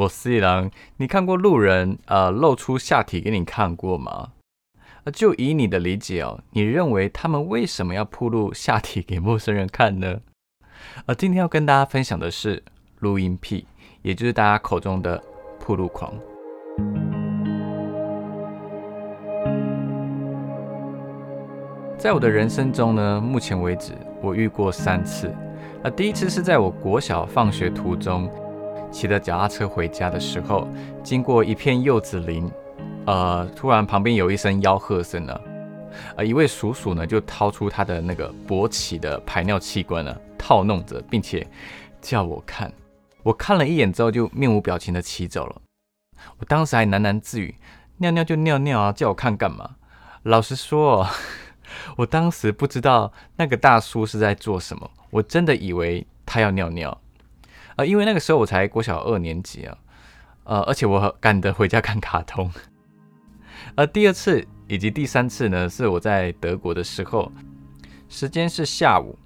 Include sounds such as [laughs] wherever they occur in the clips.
我是一郎，你看過路人呃露出下體給你看過嗎？啊、呃，就以你的理解哦，你認為他們為什麼要暴露下體給陌生人看呢？啊、呃，今天要跟大家分享的是露陰癖，也就是大家口中的暴露狂。在我的人生中呢，目前為止我遇過三次。啊、呃，第一次是在我國小放學途中。騎着腳踏車回家的時候，經過一片柚子林，呃，突然旁邊有一聲吆喝聲呢，呃，一位叔叔呢就掏出他的那個勃起的排尿器官呢，套弄着，並且叫我看，我看了一眼之後就面無表情的騎走了。我當時還喃喃自語：“尿尿就尿尿啊，叫我看幹嘛？”老實說，我當時不知道那個大叔是在做什麼，我真的以為他要尿尿。啊、呃，因為那個時候我才國小二年級啊，呃，而且我趕得回家看卡通。而、呃、第二次以及第三次呢，是我在德國的時候，時間是下午。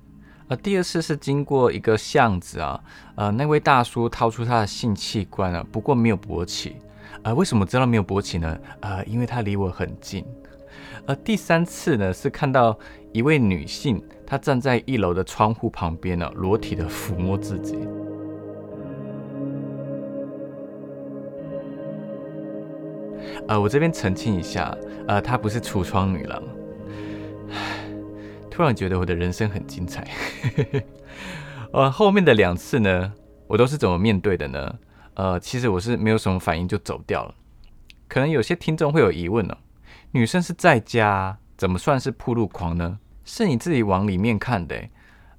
呃，第二次是經過一個巷子啊，呃，那位大叔掏出他的性器官啊，不過沒有勃起。啊、呃，為什麼知道沒有勃起呢？啊、呃，因為他離我很近、呃。第三次呢，是看到一位女性，她站在一樓的窗戶旁邊呢、啊，裸體的撫摸自己。呃，我這邊澄清一下，呃，她不是櫥窗女郎。突然覺得我的人生很精彩。 [laughs] 呃，後面的兩次呢，我都是怎麼面對的呢？呃，其實我是沒有什麼反應就走掉了。可能有些聽眾會有疑問呢、哦，女生是在家，怎麼算是暴露狂呢？是你自己往裡面看的。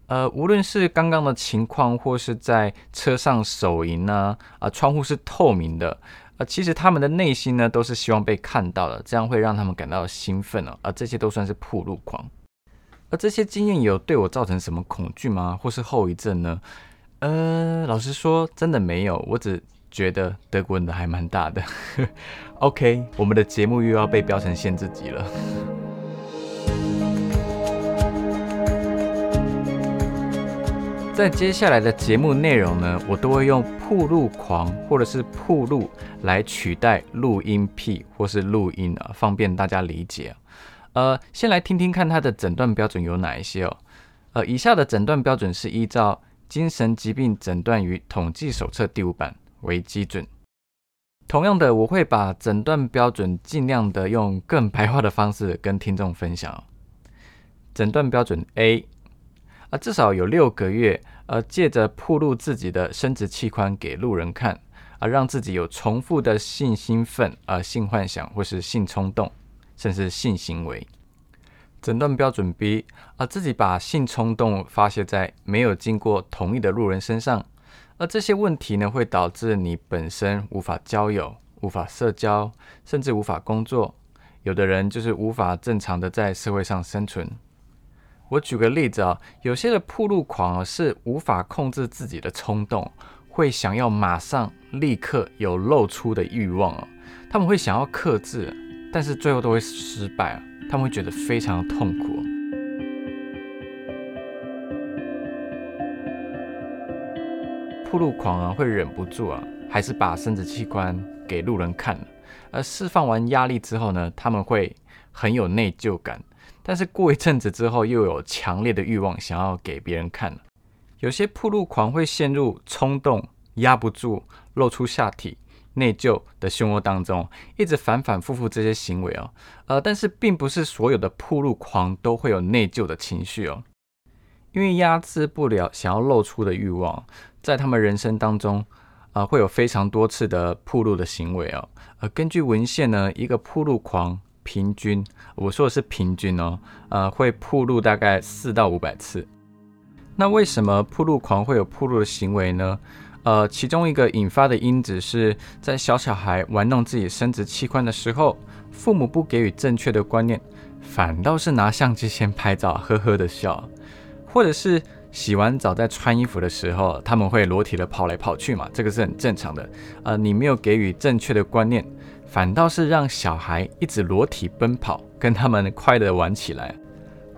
呃，無論是剛剛的情況，或是在車上手淫呢、啊，啊，窗戶是透明的。啊，其實他們的內心呢，都是希望被看到的，這樣會讓他們感到興奮哦。而這些都算是暴露狂。而這些經驗有對我造成什麼恐懼嗎？或是後遺症呢？呃，老實說，真的沒有。我只覺得德國人的還蠻大的。 [laughs] OK，我們的節目又要被標成限制級了。在接下來的節目內容呢，我都會用“暴露狂”或者是“暴露”來取代“露陰癖”或是“露陰、啊”，方便大家理解、啊。呃，先來聽聽看它的診斷標準有哪一些哦。呃，以下的診斷標準是依照《精神疾病診斷與統計手冊》第五版為基準。同樣的，我會把診斷標準盡量的用更白話的方式跟聽眾分享、哦。診斷標準 A。啊，至少有六個月，呃，借着曝露自己的生殖器官給路人看，而讓自己有重複的性興奮、啊性幻想或是性衝動，甚至性行為。診斷標準 B，啊，自己把性衝動發泄在沒有經過同意的路人身上，而這些問題呢，會導致你本身無法交友、無法社交，甚至無法工作。有的人就是無法正常的在社會上生存。我舉個例子啊，有些的暴露狂啊是無法控制自己的衝動，會想要馬上立刻有露出的慾望啊，他們會想要克制啊，但是最後都會失敗啊，他們會覺得非常痛苦啊。暴露狂啊會忍不住啊，還是把生殖器官給路人看啊，而釋放完壓力之後呢，他們會很有內疚感。但是過一陣子之後，又有強烈的欲望想要給別人看了。有些暴露狂會陷入衝動壓不住、露出下體、內疚的漩渦當中，一直反反複複這些行為哦。呃，但是並不是所有的暴露狂都會有內疚的情緒哦，因為壓制不了想要露出的欲望，在他們人生當中啊，呃，會有非常多次的暴露的行為哦。呃，根據文獻呢，一個暴露狂平均，我說的是平均哦，呃，會暴露大概四到五百次。那為什麼暴露狂會有暴露的行為呢？呃，其中一個引發的因子是在小小孩玩弄自己生殖器官的時候，父母不給予正確的觀念，反倒是拿相機先拍照，呵呵的笑，或者是洗完澡在穿衣服的時候，他們會裸體的跑來跑去嘛，這個是很正常的。呃，你沒有給予正確的觀念。反倒是讓小孩一直裸體奔跑，跟他們快樂地玩起來，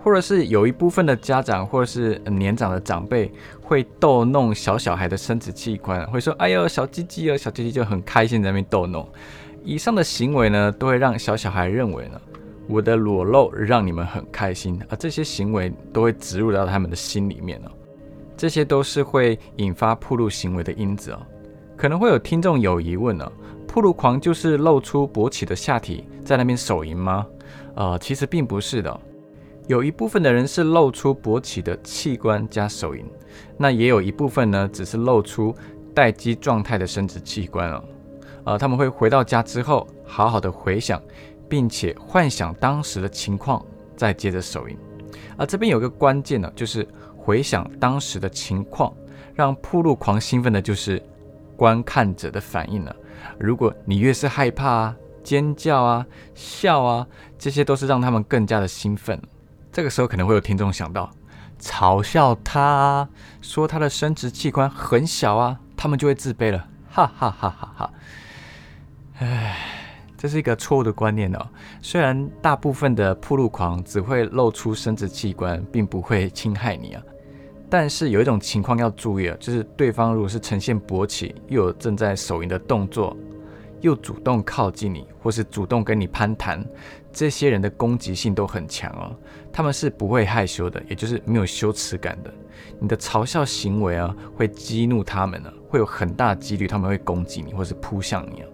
或者是有一部分的家長或者是年長的長輩會逗弄小小孩的生殖器官，會說：“哎呦，小雞雞哦，小雞雞”，就很開心在那邊逗弄。以上的行為呢，都會讓小小孩認為呢，我的裸露讓你們很開心，而這些行為都會植入到他們的心裡面呢。這些都是會引發暴露行為的因子哦。可能會有聽眾有疑問呢。暴露狂，就是露出勃起的下體在那邊手淫嗎？呃，其實並不是的，哦，有一部分的人是露出勃起的器官加手淫，那也有一部分呢，只是露出待機狀態的生殖器官哦。呃，他們會回到家之後好好的回想，並且幻想當時的情況，再接着手淫。啊、呃，這邊有個關鍵呢，就是回想當時的情況，讓暴露狂興奮的就是觀看者的反應了。如果你越是害怕啊，尖叫啊、笑啊，這些都是讓他們更加的興奮。這個時候可能會有聽眾想到嘲笑他啊，說他的生殖器官很小啊，他們就會自卑了。哈哈哈哈哈！哎，這是一個錯誤的觀念哦。雖然大部分的暴露狂只會露出生殖器官，並不會侵害你啊。但是有一種情況要注意啊，就是對方如果是呈現勃起，又有正在手淫的動作，又主動靠近你，或是主動跟你攀談，這些人的攻擊性都很強哦啊，他們是不會害羞的，也就是沒有羞恥感的。你的嘲笑行為啊，會激怒他們呢啊，會有很大幾率他們會攻擊你，或是撲向你啊。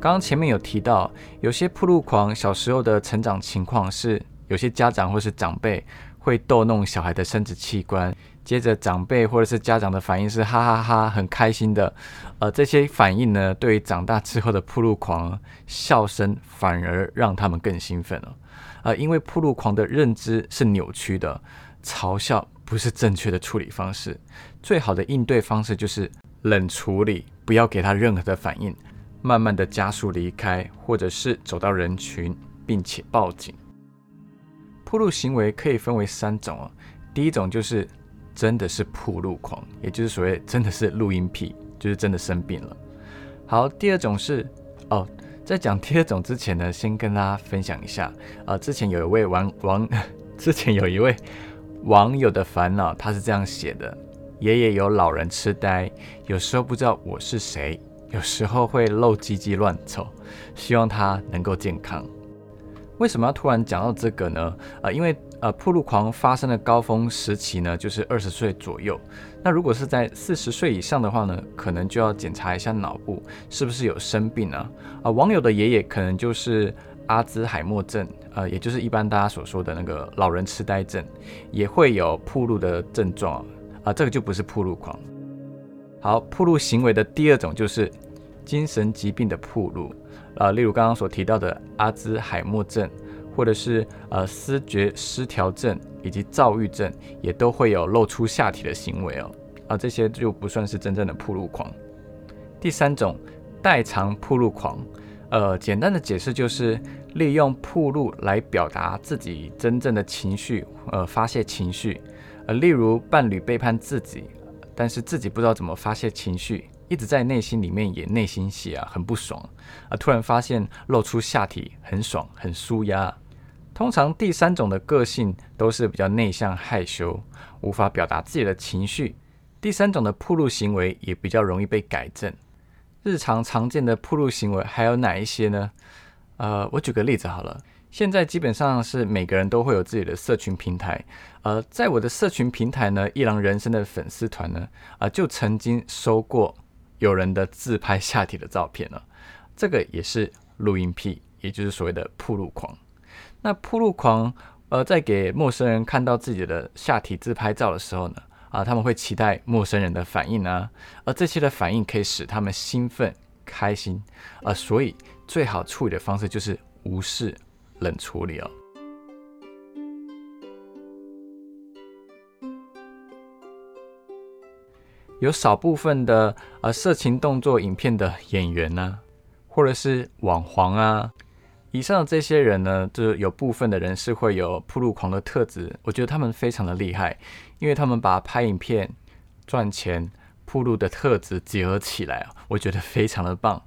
剛剛前面有提到，有些暴露狂小時候的成長情況是，有些家長或是長輩會逗弄小孩的生殖器官，接着長輩或者是家長的反應是哈哈哈哈，很開心的。呃，這些反應呢，對於長大之後的暴露狂，笑聲反而讓他們更興奮了。呃，因為暴露狂的認知是扭曲的，嘲笑不是正確的處理方式，最好的應對方式就是冷處理，不要給他任何的反應。慢慢的加速離開，或者是走到人群，並且報警。暴露行為可以分為三種哦，第一種就是真的是暴露狂，也就是所謂真的是露陰癖，就是真的生病了。好，第二種是哦，在講第二種之前呢，先跟大家分享一下啊、呃，之前有一位網網，之前有一位網友的煩惱，他是這樣寫的：爺爺有老人痴呆，有時候不知道我是誰。有時候會露唧唧、亂走，希望他能夠健康。為什麼要突然講到這個呢？呃、因為呃，暴露狂發生的高峰時期呢，就是二十歲左右。那如果是在四十歲以上的話呢，可能就要檢查一下腦部是不是有生病啊。啊、呃，網友的爺爺可能就是阿茲海默症，呃，也就是一般大家所說的那個老人痴呆症，也會有暴露的症狀啊、呃，這個就不是暴露狂。好，暴露行為的第二種就是精神疾病的暴露，呃，例如剛剛所提到的阿茲海默症，或者是呃思覺失調症以及躁鬱症，也都會有露出下體的行為哦，啊、呃，這些就不算是真正的暴露狂。第三種，代償暴露狂，呃，簡單的解釋就是利用暴露來表達自己真正的情緒，呃，發洩情緒，呃，例如伴侶背叛自己。但是自己不知道怎麼發洩情緒，一直在內心裡面也內心戲啊，很不爽啊！突然發現露出下體，很爽，很舒壓。通常第三種的個性都是比較內向、害羞，無法表達自己的情緒。第三種的暴露行為也比較容易被改正。日常常見的暴露行為還有哪一些呢？呃，我舉個例子好了，現在基本上是每個人都會有自己的社群平台。呃，在我的社群平台呢，一郎人生的粉絲團呢，啊、呃，就曾經收過有人的自拍下體的照片了、哦。這個也是露陰癖，也就是所謂的暴露狂。那暴露狂，呃，在給陌生人看到自己的下體自拍照的時候呢，啊、呃，他們會期待陌生人的反應呢、啊，而這些的反應可以使他們興奮開心。啊、呃，所以最好處理的方式就是無視冷處理哦。有少部分的呃色情動作影片的演員吶、啊，或者是網黃啊，以上這些人呢，就是、有部分的人是會有暴露狂的特質。我覺得他們非常的厲害，因為他們把拍影片賺錢暴露的特質結合起來啊，我覺得非常的棒。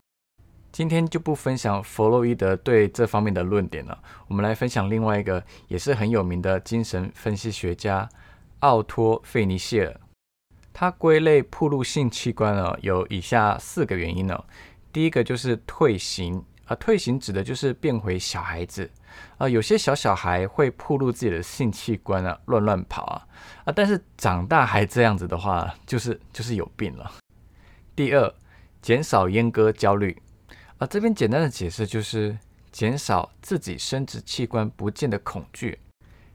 今天就不分享弗洛伊德對這方面的論點了、啊，我們來分享另外一個也是很有名的精神分析學家奧托·費尼謝爾。它歸類暴露性器官呢、哦，有以下四個原因呢、哦。第一個就是退行、呃、退行指的就是變回小孩子啊、呃，有些小小孩會暴露自己的性器官啊，亂亂跑啊啊、呃，但是長大還這樣子的話，就是就是有病了。第二，減少閹割焦慮啊、呃，這邊簡單的解釋就是減少自己生殖器官不見的恐懼。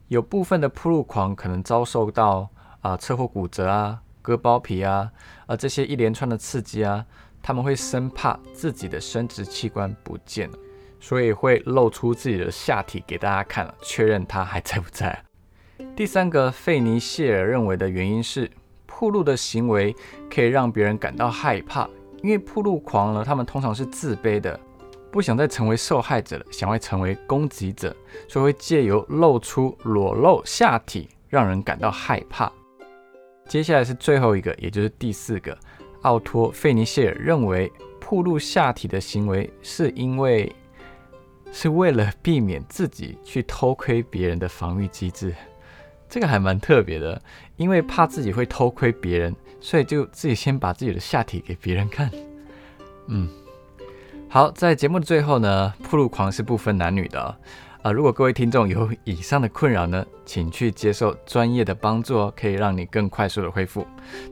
有部分的暴露狂可能遭受到啊、呃、車禍骨折啊。割包皮啊，啊、呃、這些一連串的刺激啊，他們會生怕自己的生殖器官不見了，所以會露出自己的下體給大家看了，確認它還在不在、啊。第三個，費尼謝爾認為的原因是，暴露的行為可以讓別人感到害怕，因為暴露狂呢，他們通常是自卑的，不想再成為受害者了，想會成為攻擊者，所以會借由露出裸露下體，讓人感到害怕。接下來是最後一個，也就是第四個，奧托·費尼謝爾認為，暴露下體的行為是因為是為了避免自己去偷窺別人的防禦機制，這個還蠻特別的，因為怕自己會偷窺別人，所以就自己先把自己的下體給別人看。嗯，好，在節目的最後呢，暴露狂是不分男女的哦。啊，如果各位聽眾有以上的困擾呢，請去接受專業的幫助哦，可以讓你更快速的恢復。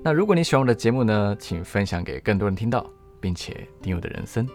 那如果你喜歡我的節目呢，請分享給更多人聽到，並且訂閱我的人生。